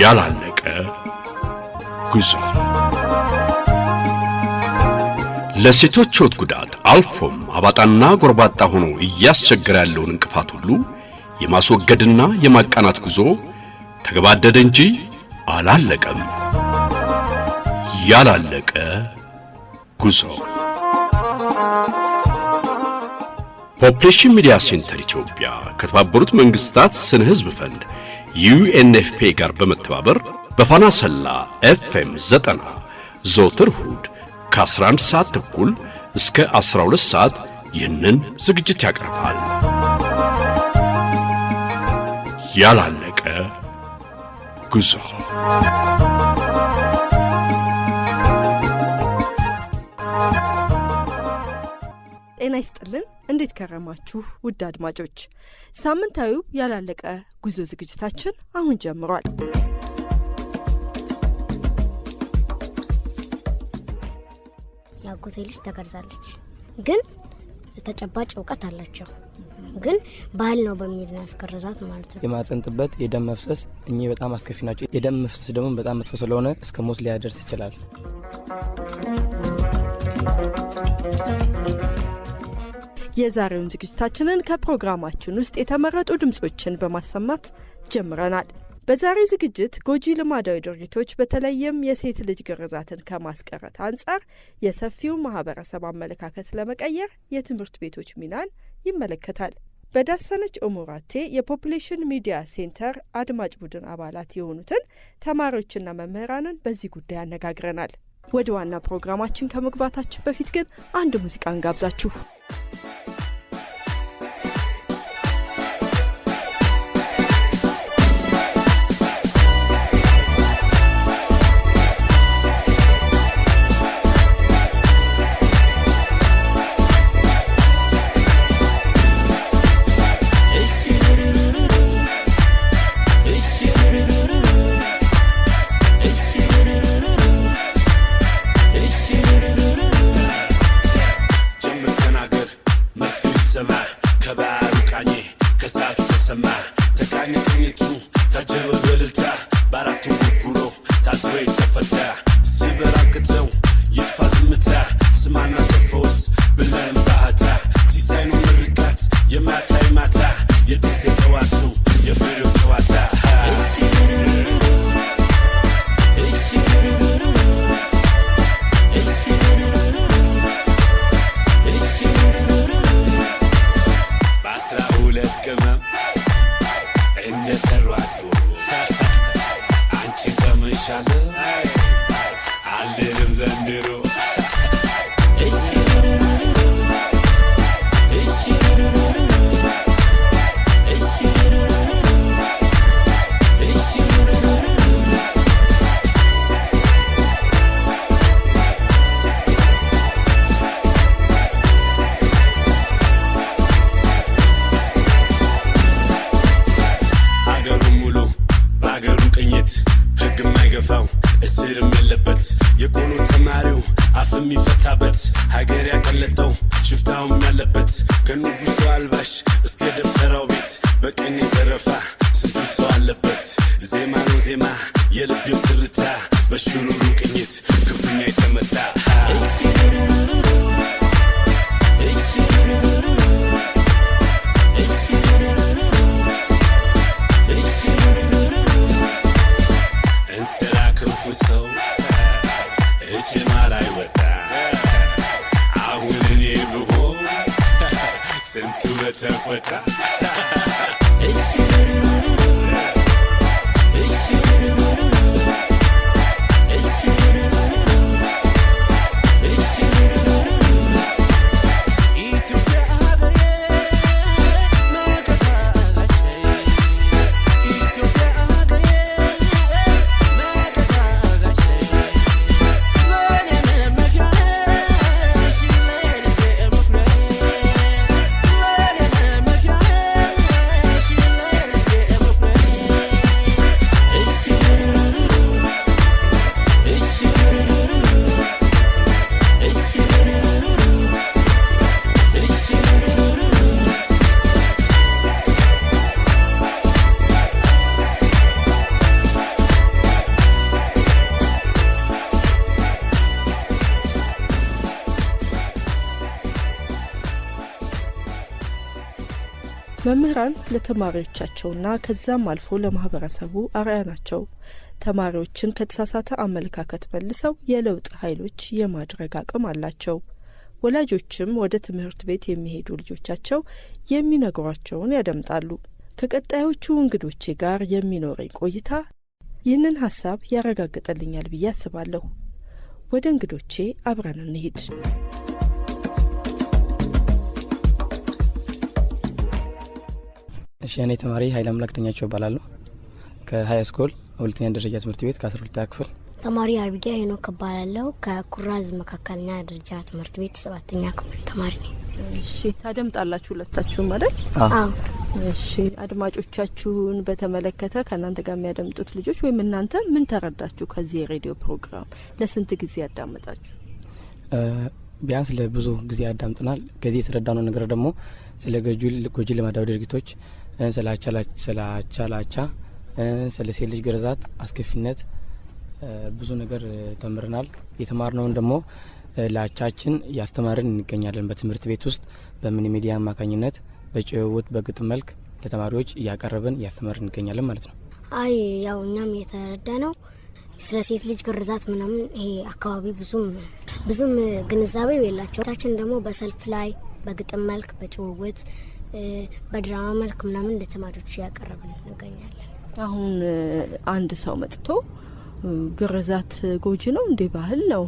ያላለቀ ጉዞ ለሴቶች ሕይወት ጉዳት አልፎም አባጣና ጎርባጣ ሆኖ እያስቸገረ ያለውን እንቅፋት ሁሉ የማስወገድና የማቃናት ጉዞ ተገባደደ እንጂ አላለቀም። ያላለቀ ጉዞ ፖፕሌሽን ሚዲያ ሴንተር ኢትዮጵያ ከተባበሩት መንግስታት ስነ ህዝብ ፈንድ ዩኤንኤፍፔ ጋር በመተባበር በፋና ሰላ ኤፍኤም 90 ዘወትር እሁድ ከ11 ሰዓት ተኩል እስከ 12 ሰዓት ይህንን ዝግጅት ያቀርባል። ያላለቀ ጉዞ ጤና ይስጥልን። እንዴት ከረማችሁ ውድ አድማጮች? ሳምንታዊው ያላለቀ ጉዞ ዝግጅታችን አሁን ጀምሯል። የአጎቴ ልጅ ተገርዛለች፣ ግን ተጨባጭ እውቀት አላቸው ግን ባህል ነው በሚል ያስገረዛት ማለት ነው። የማህፀን ጥበት፣ የደም መፍሰስ እኚህ በጣም አስከፊ ናቸው። የደም መፍሰስ ደግሞ በጣም መጥፎ ስለሆነ እስከ ሞት ሊያደርስ ይችላል። የዛሬውን ዝግጅታችንን ከፕሮግራማችን ውስጥ የተመረጡ ድምፆችን በማሰማት ጀምረናል። በዛሬው ዝግጅት ጎጂ ልማዳዊ ድርጊቶች በተለይም የሴት ልጅ ግርዛትን ከማስቀረት አንጻር የሰፊው ማህበረሰብ አመለካከት ለመቀየር የትምህርት ቤቶች ሚናን ይመለከታል። በዳሰነች ኦሞራቴ የፖፑሌሽን ሚዲያ ሴንተር አድማጭ ቡድን አባላት የሆኑትን ተማሪዎችና መምህራንን በዚህ ጉዳይ አነጋግረናል። ወደ ዋና ፕሮግራማችን ከመግባታችን በፊት ግን አንድ ሙዚቃ እንጋብዛችሁ። ከንጉሱ አልባሽ እስከ ደብተራው ቤት በቀን የዘረፋ ስንት ሰው አለበት ዜማ ነው ዜማ የልቤው ትርታ በሽሩሩ ቅኝት ክፉኛ የተመታ እንስራ ክፉ ሰው እጅ Sent to the temperature. መምህራን ለተማሪዎቻቸውና ከዛም አልፎ ለማህበረሰቡ አርያ ናቸው። ተማሪዎችን ከተሳሳተ አመለካከት መልሰው የለውጥ ኃይሎች የማድረግ አቅም አላቸው። ወላጆችም ወደ ትምህርት ቤት የሚሄዱ ልጆቻቸው የሚነግሯቸውን ያደምጣሉ። ከቀጣዮቹ እንግዶቼ ጋር የሚኖረኝ ቆይታ ይህንን ሀሳብ ያረጋግጠልኛል ብዬ አስባለሁ። ወደ እንግዶቼ አብረን እንሄድ እሺ እኔ ተማሪ ሀይል አምላክ ደኛቸው እባላለሁ ከሀይ ስኩል ሁለተኛ ደረጃ ትምህርት ቤት ከአስራ ሁለተኛ ክፍል ተማሪ አብያ ሄኖክ እባላለሁ ከኩራዝ መካከለኛ ደረጃ ትምህርት ቤት ሰባተኛ ክፍል ተማሪ ነኝ። እሺ ታደምጣላችሁ ሁለታችሁም አይደል? እሺ አድማጮቻችሁን በተመለከተ ከእናንተ ጋር የሚያደምጡት ልጆች ወይም እናንተ ምን ተረዳችሁ ከዚህ የሬዲዮ ፕሮግራም? ለስንት ጊዜ ያዳመጣችሁ? ቢያንስ ለብዙ ጊዜ ያዳምጥናል። ከዚህ የተረዳነው ነገር ደግሞ ስለ ጎጂ ልማዳዊ ድርጊቶች ስለ ስለ ሴት ልጅ ግርዛት አስከፊነት ብዙ ነገር ተምረናል። የተማርነውን ደግሞ ለአቻችን እያስተማርን እንገኛለን። በትምህርት ቤት ውስጥ በምን ሚዲያ አማካኝነት በጭውውት በግጥም መልክ ለተማሪዎች እያቀረብን እያስተማርን እንገኛለን ማለት ነው። አይ ያው እኛም የተረዳ ነው ስለ ሴት ልጅ ግርዛት ምናምን ይሄ አካባቢ ብዙም ብዙም ግንዛቤው የላቸው ታችን ደግሞ በሰልፍ ላይ በግጥም መልክ በጭውውት በድራማ መልክ ምናምን ለተማሪዎች እያቀረብን እንገኛለን። አሁን አንድ ሰው መጥቶ ግርዛት ጎጂ ነው እንዴ ባህል ነው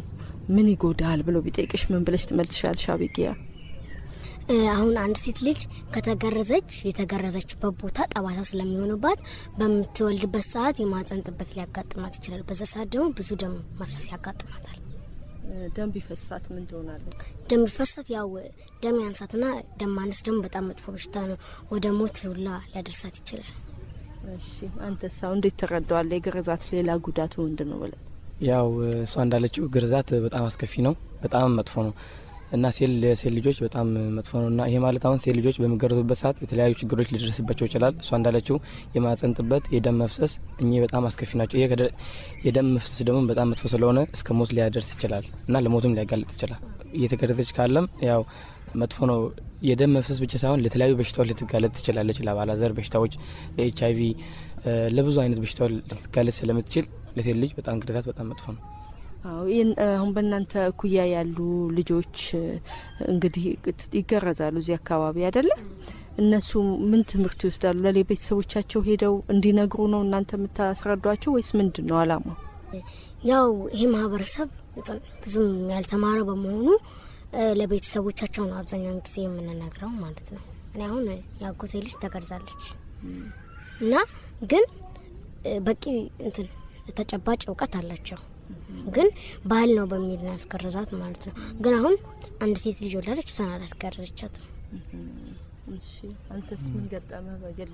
ምን ይጎዳል ብሎ ቢጠይቅሽ ምን ብለሽ ትመልሻለሽ አቢጊያ? አሁን አንድ ሴት ልጅ ከተገረዘች የተገረዘችበት ቦታ ጠባሳ ስለሚሆንባት በምትወልድበት ሰዓት የማጸንጥበት ጥበት ሊያጋጥማት ይችላል። በዛ ሰዓት ደግሞ ብዙ ደም መፍሰስ ያጋጥማታል። ደም ቢፈሳት ምን ትሆናለች? ደም ቢፈሳት ያው ደም ያንሳትና ደም ማነስ ደግሞ በጣም መጥፎ በሽታ ነው፣ ወደ ሞት ሁላ ሊያደርሳት ይችላል። እሺ አንተ ሳው እንዴት ተረዳዋለህ? የግርዛት ሌላ ጉዳቱ ምንድን ነው ብለን ያው እሷ እንዳለችው ግርዛት በጣም አስከፊ ነው፣ በጣም መጥፎ ነው። እና ሴል ልጆች በጣም መጥፎ ነው እና ይሄ ማለት አሁን ሴት ልጆች በሚገረዙበት ሰዓት የተለያዩ ችግሮች ሊደርስባቸው ይችላል። እሷ እንዳለችው የማህፀን ጥበት፣ የደም መፍሰስ እኚህ በጣም አስከፊ ናቸው። ይሄ የደም መፍሰስ ደግሞ በጣም መጥፎ ስለሆነ እስከ ሞት ሊያደርስ ይችላል እና ለሞቱም ሊያጋልጥ ይችላል። እየተገረዘች ካለም ያው መጥፎ ነው። የደም መፍሰስ ብቻ ሳይሆን ለተለያዩ በሽታዎች ልትጋለጥ ትችላለች። ለአባላዘር በሽታዎች፣ ለኤች አይቪ፣ ለብዙ አይነት በሽታዎች ልትጋለጥ ስለምትችል ለሴት ልጅ በጣም ግርዛት በጣም መጥፎ ነው። አሁን በእናንተ እኩያ ያሉ ልጆች እንግዲህ ይገረዛሉ እዚህ አካባቢ አይደለ? እነሱ ምን ትምህርት ይወስዳሉ? ቤተሰቦቻቸው ሄደው እንዲነግሩ ነው እናንተ የምታስረዷቸው ወይስ ምንድን ነው አላማው? ያው ይህ ማህበረሰብ ብዙም ያልተማረ በመሆኑ ለቤተሰቦቻቸው ነው አብዛኛውን ጊዜ የምንነግረው ማለት ነው። እኔ አሁን የአጎቴ ልጅ ተገርዛለች እና ግን በቂ እንትን ተጨባጭ እውቀት አላቸው ግን ባህል ነው በሚል ነው ያስገረዛት ማለት ነው። ግን አሁን አንድ ሴት ልጅ ወላለች፣ እሷን አላስገረዘቻትም። እሺ አንተስ ምን ገጠመህ በግል?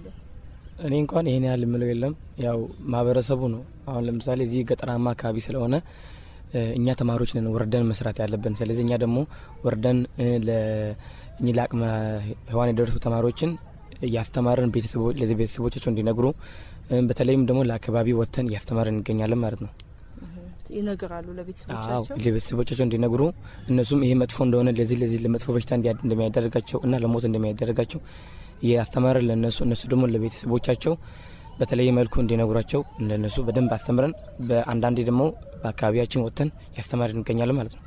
እኔ እንኳን ይሄን ያህል የምለው የለም። ያው ማህበረሰቡ ነው። አሁን ለምሳሌ እዚህ ገጠራማ አካባቢ ስለሆነ እኛ ተማሪዎች ነን ወርደን መስራት ያለብን። ስለዚህ እኛ ደግሞ ወርደን ለእኚህ ለአቅመ ሔዋን የደረሱ ተማሪዎችን እያስተማርን ቤተሰቦቻቸው እንዲነግሩ፣ በተለይም ደግሞ ለአካባቢ ወጥተን እያስተማርን እንገኛለን ማለት ነው። ይነግራሉ ለቤተሰቦቻቸው ለቤተሰቦቻቸው እንዲነግሩ እነሱም ይሄ መጥፎ እንደሆነ ለዚህ ለዚህ ለመጥፎ በሽታ እንደሚያደርጋቸው እና ለሞት እንደሚያደርጋቸው ያስተማረ ለነሱ እነሱ ደግሞ ለቤተሰቦቻቸው በተለየ መልኩ እንዲነግሯቸው እንደነሱ በደንብ አስተምረን በአንዳንዴ ደግሞ በአካባቢያችን ወጥተን ያስተማር እንገኛለን ማለት ነው።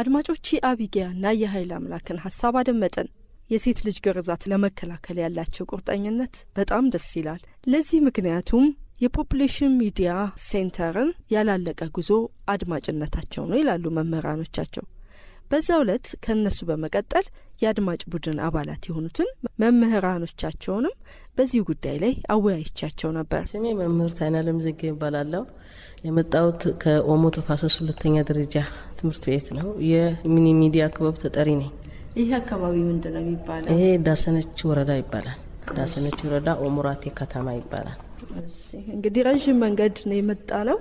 አድማጮች አቢጊያና የኃይል አምላክን ሀሳብ አደመጠን። የሴት ልጅ ግርዛት ለመከላከል ያላቸው ቁርጠኝነት በጣም ደስ ይላል። ለዚህ ምክንያቱም የፖፕሌሽን ሚዲያ ሴንተርን ያላለቀ ጉዞ አድማጭነታቸው ነው ይላሉ መምህራኖቻቸው። በዛ ዕለት ከእነሱ በመቀጠል የአድማጭ ቡድን አባላት የሆኑትን መምህራኖቻቸውንም በዚህ ጉዳይ ላይ አወያይቻቸው ነበር። ስሜ መምህር ታይናለም ዘጌ ይባላለሁ። የመጣሁት ከኦሞ ተፋሰስ ሁለተኛ ደረጃ ትምህርት ቤት ነው። የሚኒ ሚዲያ ክበብ ተጠሪ ነኝ። ይህ አካባቢ ምንድን ነው የሚባለው? ይሄ ዳሰነች ወረዳ ይባላል። ዳሰነች ወረዳ ኦሞራቴ ከተማ ይባላል። እንግዲህ ረዥም መንገድ ነው የመጣ ነው።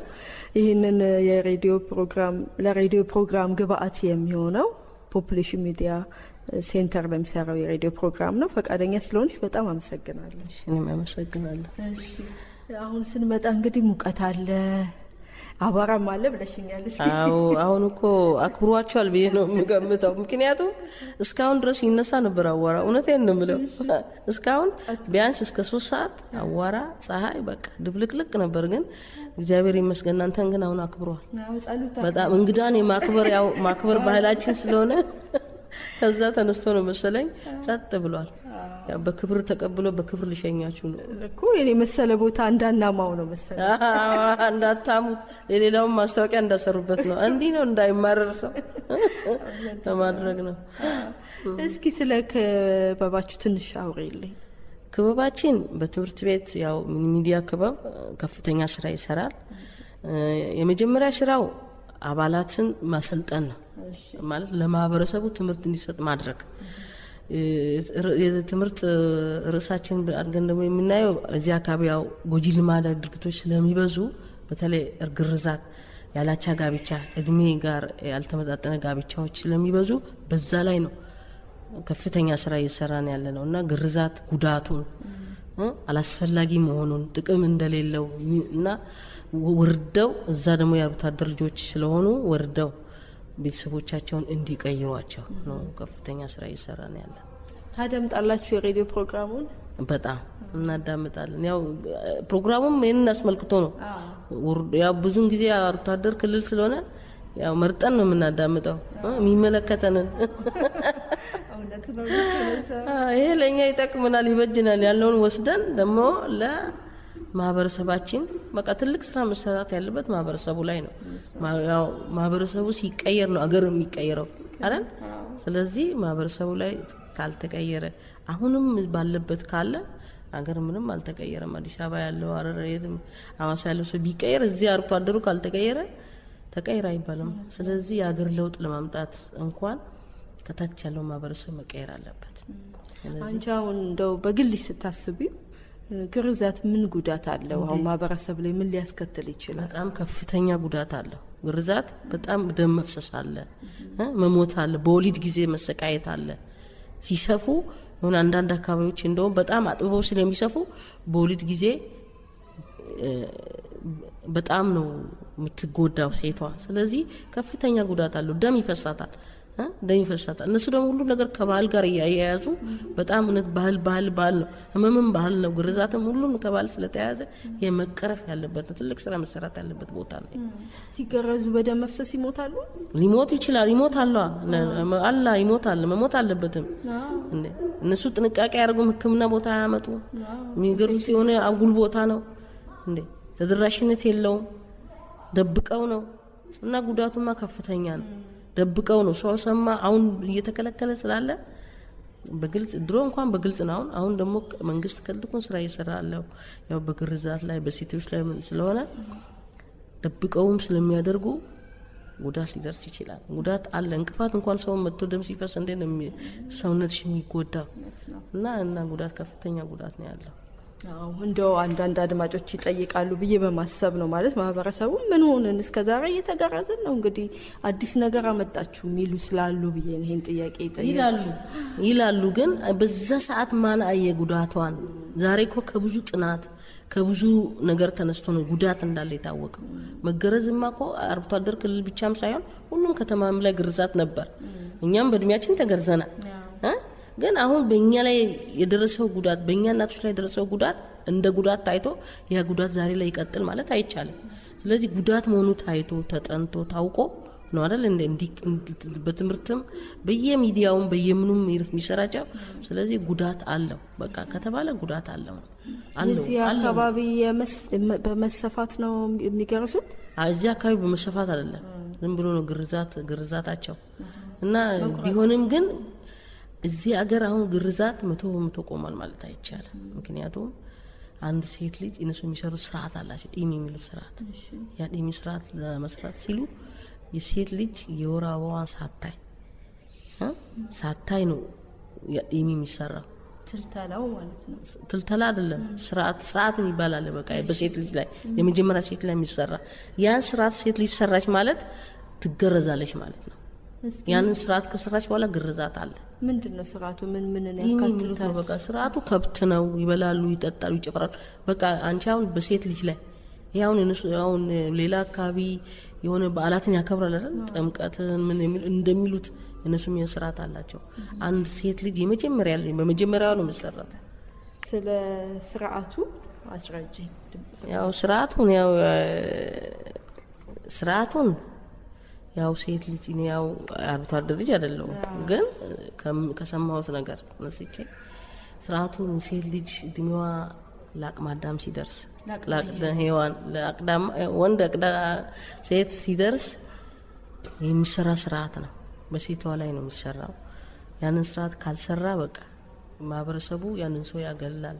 ይህንን የሬዲዮ ፕሮግራም ለሬዲዮ ፕሮግራም ግብአት የሚሆነው ፖፕሌሽን ሚዲያ ሴንተር በሚሰራው የሬዲዮ ፕሮግራም ነው። ፈቃደኛ ስለሆንሽ በጣም አመሰግናለሁ። እኔም አመሰግናለሁ። አሁን ስንመጣ እንግዲህ ሙቀት አለ አቧራም አለ ብለሽኛል። አዎ አሁን እኮ አክብሯቸዋል ብዬ ነው የምገምተው። ምክንያቱም እስካሁን ድረስ ይነሳ ነበር አዋራ። እውነቴን ነው የምለው እስካሁን ቢያንስ እስከ ሶስት ሰዓት አዋራ ፀሐይ በቃ ድብልቅልቅ ነበር። ግን እግዚአብሔር ይመስገን። እናንተን ግን አሁን አክብሯል በጣም እንግዳን የማክበር ያው ማክበር ባህላችን ስለሆነ ከዛ ተነስቶ ነው መሰለኝ ጸጥ ብሏል። በክብር ተቀብሎ በክብር ልሸኛችሁ ነው እኮ የኔ መሰለ ቦታ እንዳናማው ነው መሰለ እንዳታሙት፣ የሌላውን ማስታወቂያ እንዳሰሩበት ነው። እንዲህ ነው እንዳይማረር ሰው ለማድረግ ነው። እስኪ ስለ ክበባችሁ ትንሽ አውሪልኝ። ክበባችን በትምህርት ቤት ያው ሚዲያ ክበብ ከፍተኛ ስራ ይሰራል። የመጀመሪያ ስራው አባላትን ማሰልጠን ነው ማለት ለማህበረሰቡ ትምህርት እንዲሰጥ ማድረግ። የትምህርት ርዕሳችን አድርገን ደግሞ የምናየው እዚህ አካባቢ ያው ጎጂ ልማዳዊ ድርጊቶች ስለሚበዙ በተለይ ግርዛት፣ ያላቻ ጋብቻ፣ እድሜ ጋር ያልተመጣጠነ ጋብቻዎች ስለሚበዙ በዛ ላይ ነው ከፍተኛ ስራ እየሰራን ያለ ነው እና ግርዛት ጉዳቱን አላስፈላጊ መሆኑን ጥቅም እንደሌለው እና ወርደው እዛ ደግሞ የአርብቶ አደር ልጆች ስለሆኑ ወርደው ቤተሰቦቻቸውን እንዲቀይሯቸው ነው ከፍተኛ ስራ እየሰራ ነው ያለ። ታደምጣላችሁ የሬዲዮ ፕሮግራሙን? በጣም እናዳምጣለን። ያው ፕሮግራሙም ይህንን አስመልክቶ ነው። ያው ብዙን ጊዜ አርብቶ አደር ክልል ስለሆነ ያው መርጠን ነው የምናዳምጠው የሚመለከተንን። ይሄ ለእኛ ይጠቅምናል፣ ይበጅናል ያለውን ወስደን ደግሞ ለ ማህበረሰባችን በቃ ትልቅ ስራ መሰራት ያለበት ማህበረሰቡ ላይ ነው። ማህበረሰቡ ሲቀየር ነው አገር የሚቀየረው አይደል? ስለዚህ ማህበረሰቡ ላይ ካልተቀየረ አሁንም ባለበት ካለ አገር ምንም አልተቀየረም። አዲስ አበባ ያለው ሐረር፣ የትም ያለው ሰው ቢቀየር እዚህ አርቶ አደሩ ካልተቀየረ ተቀይር አይባልም። ስለዚህ የአገር ለውጥ ለማምጣት እንኳን ከታች ያለው ማህበረሰብ መቀየር አለበት። አንቺ አሁን እንደው በግልሽ ስታስቢው ግርዛት ምን ጉዳት አለው? አሁን ማህበረሰብ ላይ ምን ሊያስከትል ይችላል? በጣም ከፍተኛ ጉዳት አለው ግርዛት። በጣም ደም መፍሰስ አለ፣ መሞት አለ፣ በወሊድ ጊዜ መሰቃየት አለ። ሲሰፉ ሆን አንዳንድ አካባቢዎች እንደውም በጣም አጥብበው ስለሚሰፉ በወሊድ ጊዜ በጣም ነው የምትጎዳው ሴቷ። ስለዚህ ከፍተኛ ጉዳት አለው። ደም ይፈሳታል። ደም ይፈሳታል። እነሱ ደግሞ ሁሉም ነገር ከባህል ጋር እያያያዙ በጣም እውነት ባህል ባህል ባህል ነው። ህመምም ባህል ነው፣ ግርዛትም ሁሉም ከባህል ስለተያያዘ የመቀረፍ ያለበት ነው። ትልቅ ስራ መሰራት ያለበት ቦታ ነው። ሲገረዙ በደም መፍሰስ ይሞታሉ። ሊሞት ይችላል። ይሞታል። አላ አለ መሞት አለበትም። እነሱ ጥንቃቄ ያደርጉም። ህክምና ቦታ አያመጡ። የሚገርዙት የሆነ አጉል ቦታ ነው እንዴ ተደራሽነት የለውም። ደብቀው ነው እና ጉዳቱማ ከፍተኛ ነው። ደብቀው ነው ሰው ሰማ። አሁን እየተከለከለ ስላለ በግልጽ ድሮ እንኳን በግልጽ ነው። አሁን አሁን ደግሞ መንግስት ከልኩን ስራ እየሰራ አለው። ያው በግርዛት ላይ በሴቶች ላይ ስለሆነ ደብቀውም ስለሚያደርጉ ጉዳት ሊደርስ ይችላል። ጉዳት አለ። እንቅፋት እንኳን ሰው መጥቶ ደም ሲፈስ እንዴት ነው ሰውነት የሚጎዳው? እና እና ጉዳት ከፍተኛ ጉዳት ነው ያለው። አዎ እንደው አንዳንድ አድማጮች ይጠይቃሉ ብዬ በማሰብ ነው። ማለት ማህበረሰቡ ምን ሆንን እስከ ዛሬ እየተገረዝን ነው፣ እንግዲህ አዲስ ነገር አመጣችሁ የሚሉ ስላሉ ብዬ ይህን ጥያቄ ይጠይቃሉ ይላሉ። ግን በዛ ሰዓት ማን አየ ጉዳቷን? ዛሬ እኮ ከብዙ ጥናት ከብዙ ነገር ተነስቶ ነው ጉዳት እንዳለ የታወቀው። መገረዝማ እኮ አርብቶ አደር ክልል ብቻም ሳይሆን ሁሉም ከተማም ላይ ግርዛት ነበር። እኛም በእድሜያችን ተገርዘናል። ግን አሁን በእኛ ላይ የደረሰው ጉዳት በእኛ እናቶች ላይ የደረሰው ጉዳት እንደ ጉዳት ታይቶ ያ ጉዳት ዛሬ ላይ ይቀጥል ማለት አይቻልም። ስለዚህ ጉዳት መሆኑ ታይቶ ተጠንቶ ታውቆ ነው አይደል? በትምህርትም በየሚዲያውም በየምኑም የሚሰራጨው። ስለዚህ ጉዳት አለው በቃ ከተባለ ጉዳት አለው እዚህ አካባቢ በመሰፋት ነው የሚገረሱት። እዚህ አካባቢ በመሰፋት አይደለም፣ ዝም ብሎ ነው ግርዛት ግርዛታቸው እና ቢሆንም ግን እዚህ አገር አሁን ግርዛት መቶ በመቶ ቆሟል ማለት አይቻልም። ምክንያቱም አንድ ሴት ልጅ እነሱ የሚሰሩት ስርዓት አላቸው፣ ዲም የሚሉት ስርዓት። ያ ዲም ስርዓት ለመስራት ሲሉ የሴት ልጅ የወር አበባዋን ሳታይ ሳታይ ነው ያ ዲም የሚሰራው። ትልተላው ማለት ነው። ትልተላ አይደለም ስርዓት ስርዓት የሚባል አለ። በቃ በሴት ልጅ ላይ የመጀመሪያ ሴት ላይ የሚሰራ ያን ስርዓት ሴት ልጅ ሰራች ማለት ትገረዛለች ማለት ነው። ያንን ስርዓት ከሰራች በኋላ ግርዛት አለ። ምንድን ነው ስርዓቱ? ምን ምን ያካትታል? በቃ ስርዓቱ ከብት ነው። ይበላሉ፣ ይጠጣሉ፣ ይጨፍራሉ። በቃ አንቺ አሁን በሴት ልጅ ላይ ያሁን አሁን ሌላ አካባቢ የሆነ በዓላትን ያከብራል አይደል? ጥምቀትን ምን እንደሚሉት እነሱም ስርዓት አላቸው። አንድ ሴት ልጅ የመጀመሪያ በመጀመሪያ ነው የምትሰራት። ስለ ስርዓቱ አስረጅ። ያው ስርዓቱን ያው ስርዓቱን ያው ሴት ልጅ እኔ ያው አርብቶ አደር ልጅ አይደለሁም፣ ግን ከሰማሁት ነገር ነስቼ ስርዓቱ ሴት ልጅ እድሜዋ ለአቅመ አዳም ሲደርስ ወንድ ሴት ሲደርስ የሚሰራ ስርዓት ነው። በሴቷ ላይ ነው የሚሰራው። ያንን ስርዓት ካልሰራ በቃ ማህበረሰቡ ያንን ሰው ያገላል፣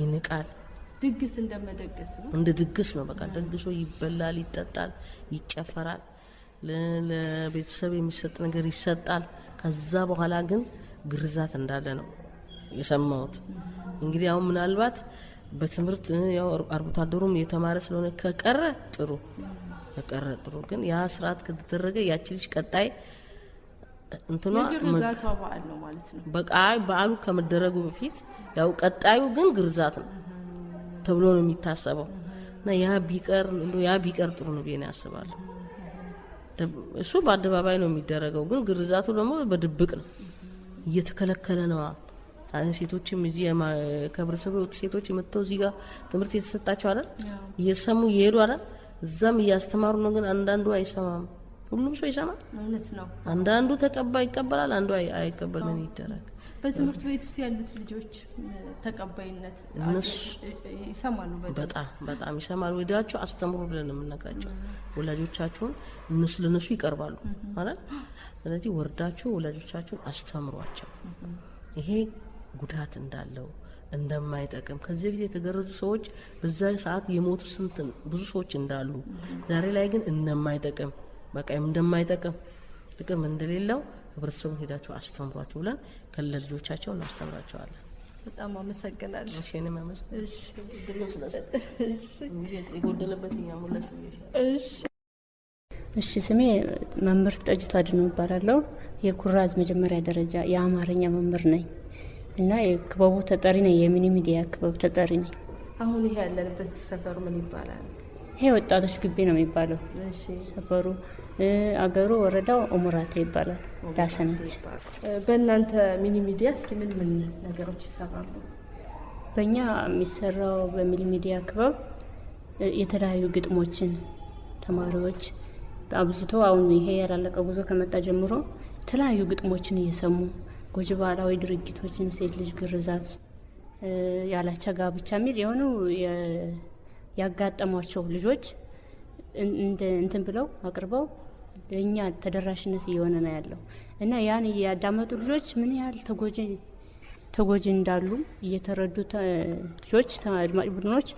ይንቃል። ድግስ እንደመደገስ እንደ ድግስ ነው። በቃ ደግሶ ይበላል፣ ይጠጣል፣ ይጨፈራል። ለቤተሰብ የሚሰጥ ነገር ይሰጣል። ከዛ በኋላ ግን ግርዛት እንዳለ ነው የሰማሁት። እንግዲህ አሁን ምናልባት በትምህርት ያው አርብቶ አደሩም የተማረ ስለሆነ ከቀረ ጥሩ ከቀረ ጥሩ። ግን ያ ስርዓት ከተደረገ ያቺ ልጅ ቀጣይ እንትኗ በቃ በዓሉ ከመደረጉ በፊት ያው ቀጣዩ ግን ግርዛት ነው ተብሎ ነው የሚታሰበው እና ያ ቢቀር ያ ቢቀር ጥሩ ነው ብዬ ያስባለሁ። እሱ በአደባባይ ነው የሚደረገው፣ ግን ግርዛቱ ደግሞ በድብቅ ነው፣ እየተከለከለ ነው። ሴቶችም እዚህ ከህብረተሰቡ የወጡ ሴቶች የመጥተው እዚህ ጋር ትምህርት የተሰጣቸው አይደል፣ እየሰሙ እየሄዱ አይደል፣ እዛም እያስተማሩ ነው። ግን አንዳንዱ አይሰማም። ሁሉም ሰው ይሰማል። እውነት ነው። አንዳንዱ ተቀባይ ይቀበላል፣ አንዱ አይቀበል። ምን ይደረግ? በትምህርት ቤት ውስጥ ያሉት ልጆች ተቀባይነት ይሰማሉ። በጣም በጣም ይሰማሉ። ወዲያቸው አስተምሩ ብለን የምናቅራቸው ወላጆቻችሁን እነሱ ለነሱ ይቀርባሉ ማለት። ስለዚህ ወርዳችሁ ወላጆቻችሁን አስተምሯቸው። ይሄ ጉዳት እንዳለው እንደማይጠቅም ከዚህ በፊት የተገረዙ ሰዎች በዛ ሰዓት የሞቱ ስንት ብዙ ሰዎች እንዳሉ ዛሬ ላይ ግን እንደማይጠቅም በቃ እንደማይጠቅም ጥቅም እንደሌለው ህብረተሰቡን ሄዳችሁ አስተምሯቸው ብለን ከለልጆቻቸው እናስተምራቸዋለን። በጣም አመሰግናለሁ። እሺ፣ ስሜ መምህር ጠጅቷ አድኖ እባላለሁ። የኩራዝ መጀመሪያ ደረጃ የአማርኛ መምህር ነኝ እና የክበቡ ተጠሪ ነኝ። የሚኒ ሚዲያ ክበብ ተጠሪ ነኝ። አሁን ይሄ ያለንበት ሰፈር ምን ይባላል? ይሄ ወጣቶች ግቢ ነው የሚባለው ሰፈሩ። አገሩ ወረዳው ኦሙራታ ይባላል። ዳሰነች። በእናንተ ሚኒ ሚዲያ እስኪ ምን ምን ነገሮች ይሰራሉ? በእኛ የሚሰራው በሚኒ ሚዲያ ክበብ የተለያዩ ግጥሞችን ተማሪዎች አብዝቶ አሁን ይሄ ያላለቀ ጉዞ ከመጣ ጀምሮ የተለያዩ ግጥሞችን እየሰሙ ጎጂ ባህላዊ ድርጊቶችን፣ ሴት ልጅ ግርዛት፣ ያላቻ ጋብቻ የሚል የሆኑ ያጋጠሟቸው ልጆች እንትን ብለው አቅርበው እኛ ተደራሽነት እየሆነ ነው ያለው እና ያን ያዳመጡ ልጆች ምን ያህል ተጎጂ ተጎጂ እንዳሉ እየተረዱ ልጆች አድማጭ ቡድኖች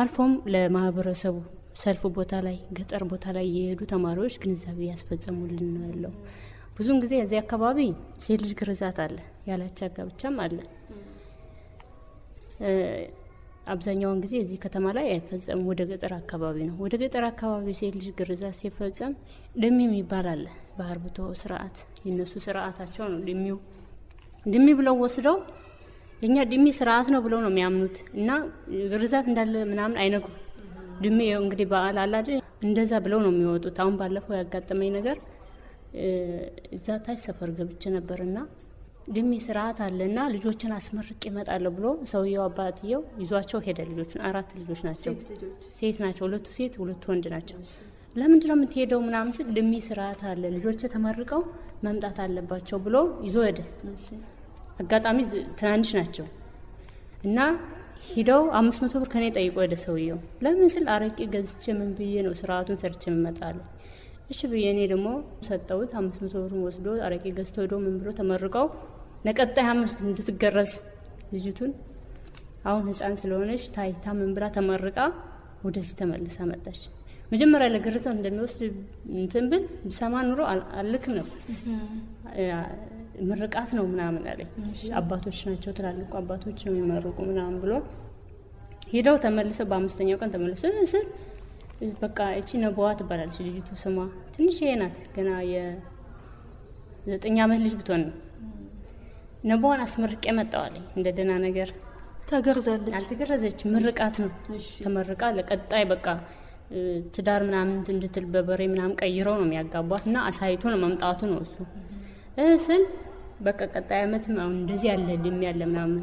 አልፎም ለማህበረሰቡ ሰልፍ ቦታ ላይ ገጠር ቦታ ላይ የሄዱ ተማሪዎች ግንዛቤ ያስፈጸሙልን ነው ያለው። ብዙን ጊዜ እዚህ አካባቢ ሴት ልጅ ግርዛት አለ፣ ያላቻ ጋብቻም አለ። አብዛኛውን ጊዜ እዚህ ከተማ ላይ አይፈጸም፣ ወደ ገጠር አካባቢ ነው። ወደ ገጠር አካባቢ ሴት ልጅ ግርዛት ሲፈጸም ደሚም ይባላል። በአርብቶ ስርዓት የነሱ ስርዓታቸው ነው ደሚው። ደሚ ብለው ወስደው የእኛ ድሚ ስርዓት ነው ብለው ነው የሚያምኑት እና ግርዛት እንዳለ ምናምን አይነግሩ። ድሜ እንግዲህ በዓል አላደ እንደዛ ብለው ነው የሚወጡት። አሁን ባለፈው ያጋጠመኝ ነገር እዛ ታች ሰፈር ገብቼ ነበርና ድሜ ስርዓት አለና ልጆችን አስመርቅ ይመጣለሁ ብሎ ሰውየው አባትየው ይዟቸው ሄደ። ልጆቹን አራት ልጆች ናቸው፣ ሴት ናቸው፣ ሁለቱ ሴት ሁለቱ ወንድ ናቸው። ለምንድን ነው የምትሄደው ምናምን ስል ድሚ ስርዓት አለ፣ ልጆች ተመርቀው መምጣት አለባቸው ብሎ ይዞ ሄደ። አጋጣሚ ትናንሽ ናቸው እና ሂደው አምስት መቶ ብር ከኔ ጠይቆ ወደ ሰውየው ለምን ስል አረቄ ገዝቼ ምን ብዬ ነው ስርዓቱን ሰርቼ ምመጣለ እሺ ብዬ እኔ ደግሞ ሰጠውት አምስት መቶ ብሩን ወስዶ አረቄ ገዝቶ ሄዶ ምን ብሎ ተመርቀው ነቀጣይ ሐሙስ እንድትገረዝ ልጅቱን አሁን ህፃን ስለሆነች ታይታ ምን ብላ ተመርቃ ወደዚህ ተመልሳ መጣች። መጀመሪያ ለግርተው እንደሚወስድ እንትን ብል ብሰማ ኑሮ አልልክም ነበር። ምርቃት ነው ምናምን አለ። አባቶች ናቸው ትላልቁ አባቶች ነው የሚመርቁ ምናምን ብሎ ሄደው ተመልሰው በአምስተኛው ቀን ተመልሶ ስል በቃ እቺ ነቦዋ ትባላለች ልጅቱ ስሟ። ትንሽ ይሄ ናት ገና የዘጠኝ ዓመት ልጅ ብትሆን ነው ነቧን አስመርቄ መጣዋለኝ እንደ ደህና ነገር ተገርዛለች። አልተገረዘች፣ ምርቃት ነው ተመርቃ ለቀጣይ በቃ ትዳር ምናምን እንድትል በበሬ ምናምን ቀይረው ነው የሚያጋቧት እና አሳይቶ ነው መምጣቱ ነው እሱ ስል በቃ ቀጣይ አመት አሁን እንደዚህ ያለ ልም ያለ ምናምን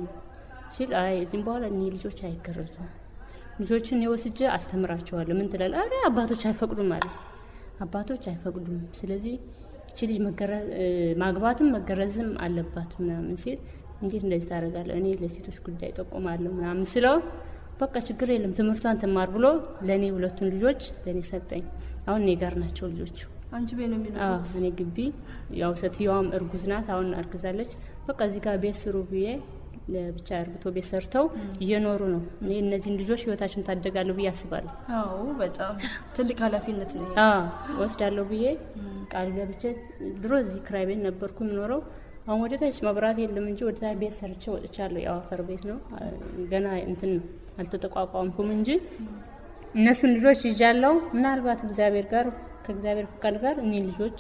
ሲል አይ እዚህም በኋላ እኔ ልጆች አይገረዙ ልጆችን የወስጀ አስተምራቸዋለሁ ምን ትላል? አረ አባቶች አይፈቅዱም አለ አባቶች አይፈቅዱም። ስለዚህ እቺ ልጅ ማግባትም መገረዝም አለባት ምናምን ሲል እንዴት እንደዚህ ታደርጋለሁ እኔ ለሴቶች ጉዳይ ጠቁማለሁ ምናምን ስለው በቃ ችግር የለም ትምህርቷን ትማር ብሎ ለእኔ ሁለቱን ልጆች ለእኔ ሰጠኝ። አሁን እኔ ጋር ናቸው ልጆቹ። አንቺ ቤት ነው የሚኖሩት? እኔ ግቢ። ያው ሴትየዋም እርጉዝ ናት፣ አሁን አርግዛለች። በቃ እዚህ ጋር ቤት ስሩ ብዬ ለብቻ እርግቶ ቤት ሰርተው እየኖሩ ነው። እኔ እነዚህን ልጆች ህይወታችን ታደጋለሁ ብዬ አስባለሁ። አዎ በጣም ትልቅ ኃላፊነት ነው ወስዳለሁ ብዬ ቃል ገብቼ። ድሮ እዚህ ክራይ ቤት ነበርኩ የምኖረው። አሁን ወደ ታች መብራት የለም እንጂ ወደ ታች ቤት ሰርቼ ወጥቻለሁ። ያው አፈር ቤት ነው ገና እንትን ነው አልተጠቋቋምኩም እንጂ እነሱን ልጆች ይዣለሁ። ምናልባት እግዚአብሔር ጋር ከእግዚአብሔር ፍቃድ ጋር እኔ ልጆች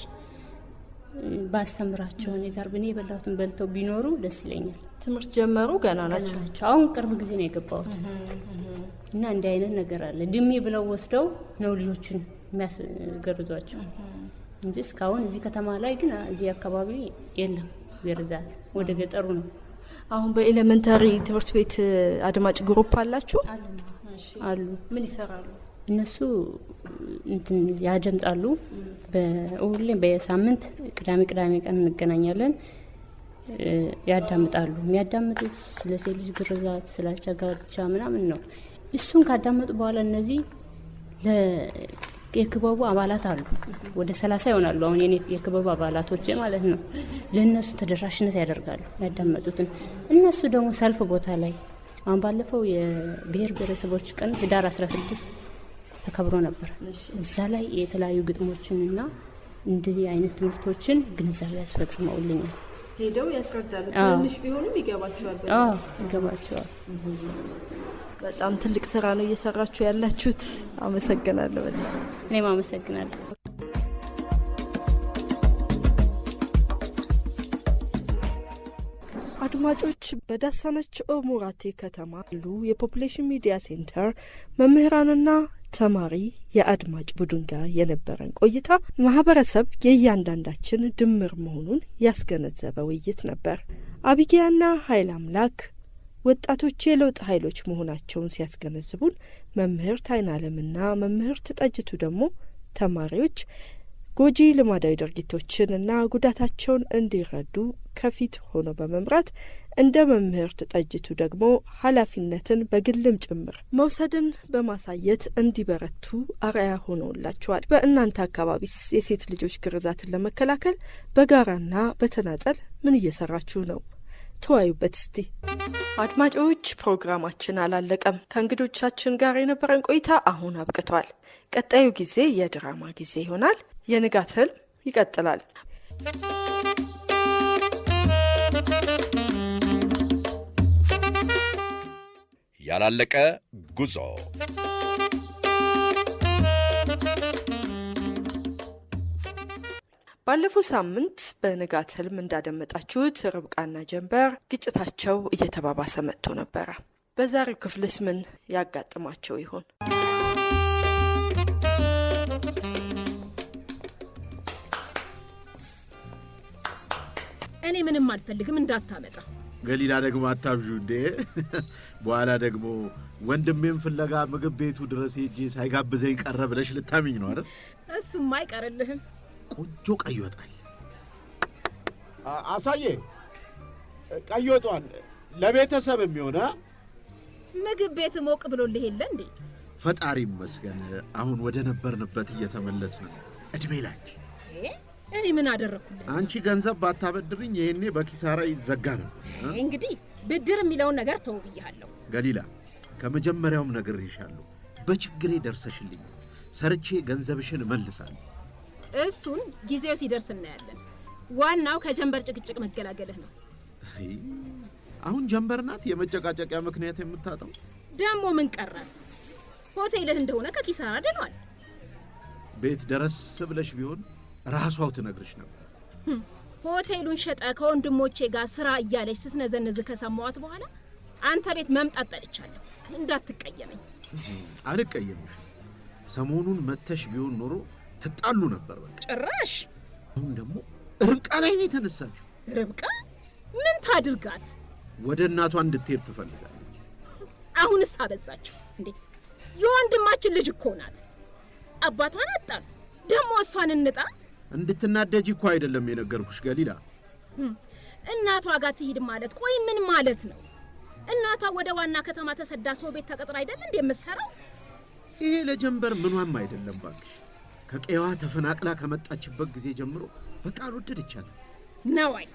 ባስተምራቸው እኔ ጋር ብኔ የበላሁትን በልተው ቢኖሩ ደስ ይለኛል። ትምህርት ጀመሩ ገና ናቸው። አሁን ቅርብ ጊዜ ነው የገባሁት እና እንዲህ አይነት ነገር አለ። ድሜ ብለው ወስደው ነው ልጆችን የሚያስገርዟቸው እንጂ እስካሁን እዚህ ከተማ ላይ ግን እዚህ አካባቢ የለም ግርዛት፣ ወደ ገጠሩ ነው። አሁን በኤሌመንታሪ ትምህርት ቤት አድማጭ ግሩፕ አላችሁ አሉ። ምን ይሰራሉ? እነሱ ያደምጣሉ። በሁሌ በሳምንት ቅዳሜ ቅዳሜ ቀን እንገናኛለን። ያዳምጣሉ። የሚያዳምጡት ስለ ሴት ልጅ ግርዛት፣ ስለ ጋብቻ ምናምን ነው። እሱን ካዳመጡ በኋላ እነዚህ የክበቡ አባላት አሉ፣ ወደ ሰላሳ ይሆናሉ። አሁን የኔ የክበቡ አባላቶች ማለት ነው። ለእነሱ ተደራሽነት ያደርጋሉ ያዳመጡትን። እነሱ ደግሞ ሰልፍ ቦታ ላይ አሁን ባለፈው የብሔር ብሔረሰቦች ቀን ህዳር 16 ተከብሮ ነበር። እዛ ላይ የተለያዩ ግጥሞችንና እንዲህ አይነት ትምህርቶችን ግንዛቤ ያስፈጽመውልኛል። ሄደው ያስረዳሉ። ትንሽ ቢሆንም ይገባቸዋል ይገባቸዋል። በጣም ትልቅ ስራ ነው እየሰራችሁ ያላችሁት። አመሰግናለሁ። በጣም እኔም አመሰግናለሁ። አድማጮች በዳሰነች ኦ ከተማ ያሉ የፖፕሌሽን ሚዲያ ሴንተር መምህራንና ተማሪ የአድማጭ ቡድን ጋር የነበረን ቆይታ ማህበረሰብ የእያንዳንዳችን ድምር መሆኑን ያስገነዘበ ውይይት ነበር። አቢጊያና ኃይል አምላክ ወጣቶች የለውጥ ኃይሎች መሆናቸውን ሲያስገነዝቡን፣ መምህርት አይናለምና መምህርት ጠጅቱ ደግሞ ተማሪዎች ጎጂ ልማዳዊ ድርጊቶችንና ጉዳታቸውን እንዲረዱ ከፊት ሆኖ በመምራት እንደ መምህርት ጠጅቱ ደግሞ ኃላፊነትን በግልም ጭምር መውሰድን በማሳየት እንዲበረቱ አርአያ ሆኖላቸዋል። በእናንተ አካባቢስ የሴት ልጆች ግርዛትን ለመከላከል በጋራና በተናጠል ምን እየሰራችሁ ነው? ተወያዩበት እስቲ። አድማጮች ፕሮግራማችን አላለቀም። ከእንግዶቻችን ጋር የነበረን ቆይታ አሁን አብቅቷል። ቀጣዩ ጊዜ የድራማ ጊዜ ይሆናል። የንጋት ህልም ይቀጥላል። ያላለቀ ጉዞ ባለፈው ሳምንት በንጋት ህልም እንዳደመጣችሁት ርብቃና ጀንበር ግጭታቸው እየተባባሰ መጥቶ ነበረ። በዛሬው ክፍልስ ምን ያጋጥማቸው ይሆን? እኔ ምንም አልፈልግም እንዳታመጣ። ገሊላ ደግሞ አታብዡ እንዴ! በኋላ ደግሞ ወንድሜም ፍለጋ ምግብ ቤቱ ድረስ ሄጄ ሳይጋብዘኝ ቀረ ብለሽ ልታሚኝ ነው አይደል? እሱም አይቀርልህም። ቆንጆ ቀይ ወጣል። አሳዬ ቀይ ወጧል። ለቤተሰብ የሚሆነ ምግብ ቤት ሞቅ ብሎልህ የለ እንዴ? ፈጣሪ ይመስገን አሁን ወደ ነበርንበት እየተመለስን ነው። እድሜ ላች እኔ ምን አደረግኩልህ? አንቺ ገንዘብ ባታበድርኝ ይሄኔ በኪሳራ ይዘጋ ነው። እንግዲህ ብድር የሚለውን ነገር ተው ብያለሁ። ገሊላ ከመጀመሪያውም ነግሬሻለሁ። በችግሬ ደርሰሽልኝ ሰርቼ ገንዘብሽን እመልሳለሁ። እሱን ጊዜው ሲደርስ እናያለን። ዋናው ከጀንበር ጭቅጭቅ መገላገልህ ነው። አሁን ጀንበር ናት የመጨቃጨቂያ ምክንያት የምታጠው ደግሞ ምን ቀራት? ሆቴልህ እንደሆነ ከኪሳራ ድኗል። ቤት ደረስ ብለሽ ቢሆን ራሷው ትነግርሽ ነበር። ሆቴሉን ሸጠ ከወንድሞቼ ጋር ስራ እያለች ስትነዘነዝ ከሰማዋት በኋላ አንተ ቤት መምጣት ጠልቻለሁ። እንዳትቀየመኝ። አልቀየምሽ። ሰሞኑን መተሽ ቢሆን ኖሮ ትጣሉ ነበር። በቃ ጭራሽ አሁን ደግሞ ርብቃ ላይ ነው የተነሳችው። ርብቃ ምን ታድርጋት? ወደ እናቷ እንድትሄድ ትፈልጋለች። አሁንስ አበዛችሁ እንዴ! የወንድማችን ልጅ እኮ ናት። አባቷን አጣሉ፣ ደግሞ እሷን እንጣ እንድትናደጅ እኮ አይደለም የነገርኩሽ ገሊላ። እናቷ ጋር ትሂድ ማለት ቆይ ምን ማለት ነው? እናቷ ወደ ዋና ከተማ ተሰዳ ሰው ቤት ተቀጥራ አይደል እንዴ የምትሰራው? ይሄ ለጀንበር ምኗም አይደለም ባክሽ። ከቀዋ ተፈናቅላ ከመጣችበት ጊዜ ጀምሮ በቃ አልወደደቻት ነዋይ።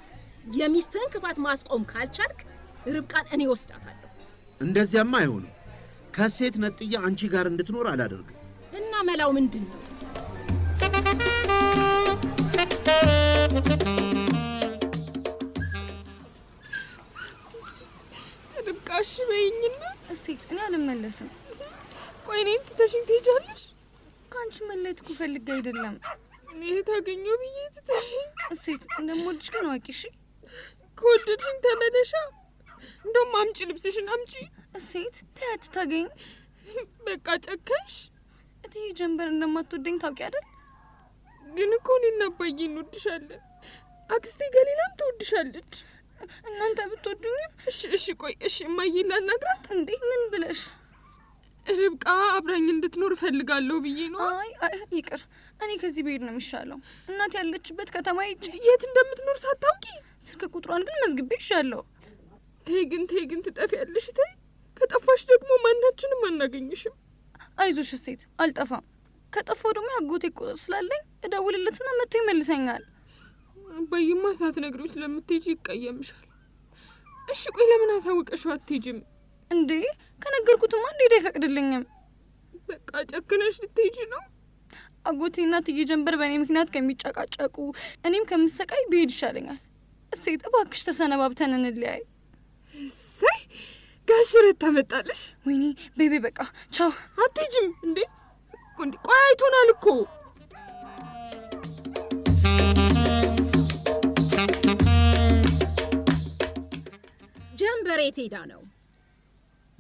የሚስትህን ክፋት ማስቆም ካልቻልክ ርብቃን እኔ ወስዳታለሁ። እንደዚያማ አይሆንም። ከሴት ነጥዬ አንቺ ጋር እንድትኖር አላደርግም። እና መላው ምንድን ነው? ርብቃ እሺ በይኝና እሴት እኔ አልመለስም። ቆይ እኔን ትተሽኝ ትሄጃለሽ? ከአንቺ መለየት እኮ ፈልጌ አይደለም። እኔ ታገኘው ብዬ ትተሽኝ። እሴት እንደምወድሽ ግን አውቂ እሺ። ከወደድሽኝ ተመለሻ። እንደውም አምጪ ልብስሽን አምጪ። እሴት ተያት ታገኝ። በቃ ጨከንሽ። እትዬ ጀንበር እንደማትወደኝ ታውቂ አይደል? ግን እኮ እኔና አባዬ እንወድሻለን። አክስቴ ገሊላም ትወድሻለች። እናንተ ብትወዱኝም እሺ፣ እሺ፣ ቆይ እሺ፣ እማዬ ላናግራት እንዴ? ምን ብለሽ? ርብቃ አብራኝ እንድትኖር እፈልጋለሁ ብዬ ነው። አይ ይቅር፣ እኔ ከዚህ ብሄድ ነው የሚሻለው። እናት ያለችበት ከተማ ይጭ የት እንደምትኖር ሳታውቂ፣ ስልክ ቁጥሯን ግን መዝግቤ ይሻለሁ። ተይ ግን ተይ ግን ትጠፊያለሽ። ተይ፣ ከጠፋሽ ደግሞ ማናችንም አናገኝሽም። አይዞሽ ሴት፣ አልጠፋም ከጠፋሁ ደግሞ ያጎቴ ቁጥር ስላለኝ እደውልለትና መጥቶ ይመልሰኛል። አባዬማ ነግሪው ስለምትሄጂ ይቀየምሻል። እሺ ቆይ ለምን አሳውቀሽው አትሄጂም እንዴ? ከነገርኩትማ እንዴት አይፈቅድልኝም። በቃ ጨክነሽ ልትሄጂ ነው? አጎቴና እትዬ ጀንበር በእኔ ምክንያት ከሚጨቃጨቁ እኔም ከምሰቃይ ብሄድ ይሻለኛል። እሴት እባክሽ ተሰነባብተን እንለያይ። እሰይ ጋሽ ረት ታመጣለሽ። ወይኔ ቤቤ በቃ ቻው። አትሄጂም እንዴ? እንዲ ቆይ እኮ ጀንበሬ ቴዳ ነው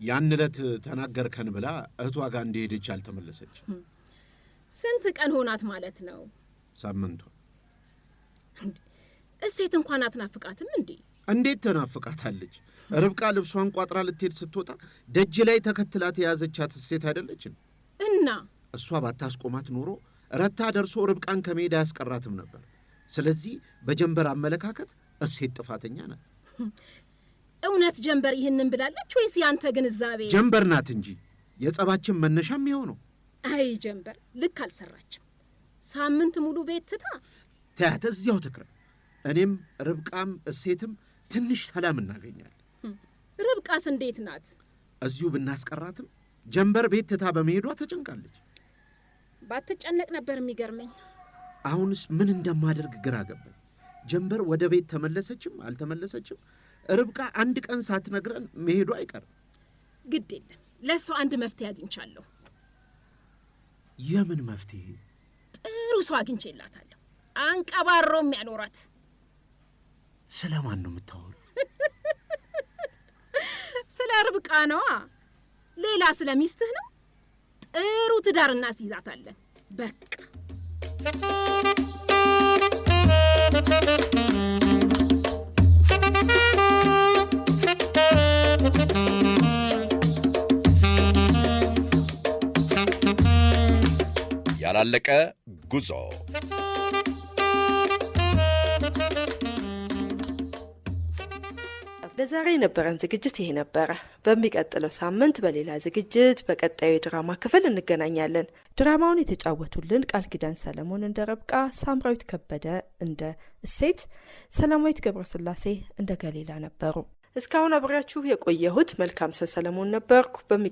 ያን ዕለት ተናገርከን ብላ እህቷ ጋር እንደሄደች አልተመለሰች። ስንት ቀን ሆናት ማለት ነው? ሳምንቱ። እሴት እንኳን አትናፍቃትም እንዴ? እንዴት ተናፍቃታለች? ርብቃ ልብሷን ቋጥራ ልትሄድ ስትወጣ ደጅ ላይ ተከትላት የያዘቻት እሴት አይደለችን? እና እሷ ባታስቆማት ኖሮ ረታ ደርሶ ርብቃን ከሜዳ ያስቀራትም ነበር። ስለዚህ በጀንበር አመለካከት እሴት ጥፋተኛ ናት። እውነት ጀንበር ይህንን ብላለች ወይስ ያንተ ግንዛቤ? ጀንበር ናት እንጂ የጸባችን መነሻም ይኸው አይ ጀንበር ልክ አልሰራችም። ሳምንት ሙሉ ቤት ትታ ተያት እዚያው ትክረ። እኔም ርብቃም እሴትም ትንሽ ሰላም እናገኛለን። ርብቃስ እንዴት ናት? እዚሁ ብናስቀራትም ጀንበር ቤት ትታ በመሄዷ ተጨንቃለች። ባትጨነቅ ነበር የሚገርመኝ። አሁንስ ምን እንደማደርግ ግራ ገባኝ። ጀንበር ወደ ቤት ተመለሰችም አልተመለሰችም፣ ርብቃ አንድ ቀን ሳትነግረን መሄዱ አይቀርም። ግድ የለም ለእሱ አንድ መፍትሄ አግኝቻለሁ። የምን መፍትሄ? ጥሩ ሰው አግኝቼላታለሁ። አንቀባሮም ያኖራት። ስለ ማን ነው የምታወሩ? ስለ ርብቃ ነዋ። ሌላ ስለ ሚስትህ ነው ጥሩ ትዳር እናስይዛታለን። በቃ ያላለቀ ጉዞ ለዛሬ የነበረን ዝግጅት ይሄ ነበረ። በሚቀጥለው ሳምንት በሌላ ዝግጅት በቀጣዩ የድራማ ክፍል እንገናኛለን። ድራማውን የተጫወቱልን ቃል ኪዳን ሰለሞን እንደ ረብቃ፣ ሳምራዊት ከበደ እንደ እሴት፣ ሰላማዊት ገብረስላሴ እንደ ገሊላ ነበሩ። እስካሁን አብሬያችሁ የቆየሁት መልካም ሰው ሰለሞን ነበርኩ። በሚቀ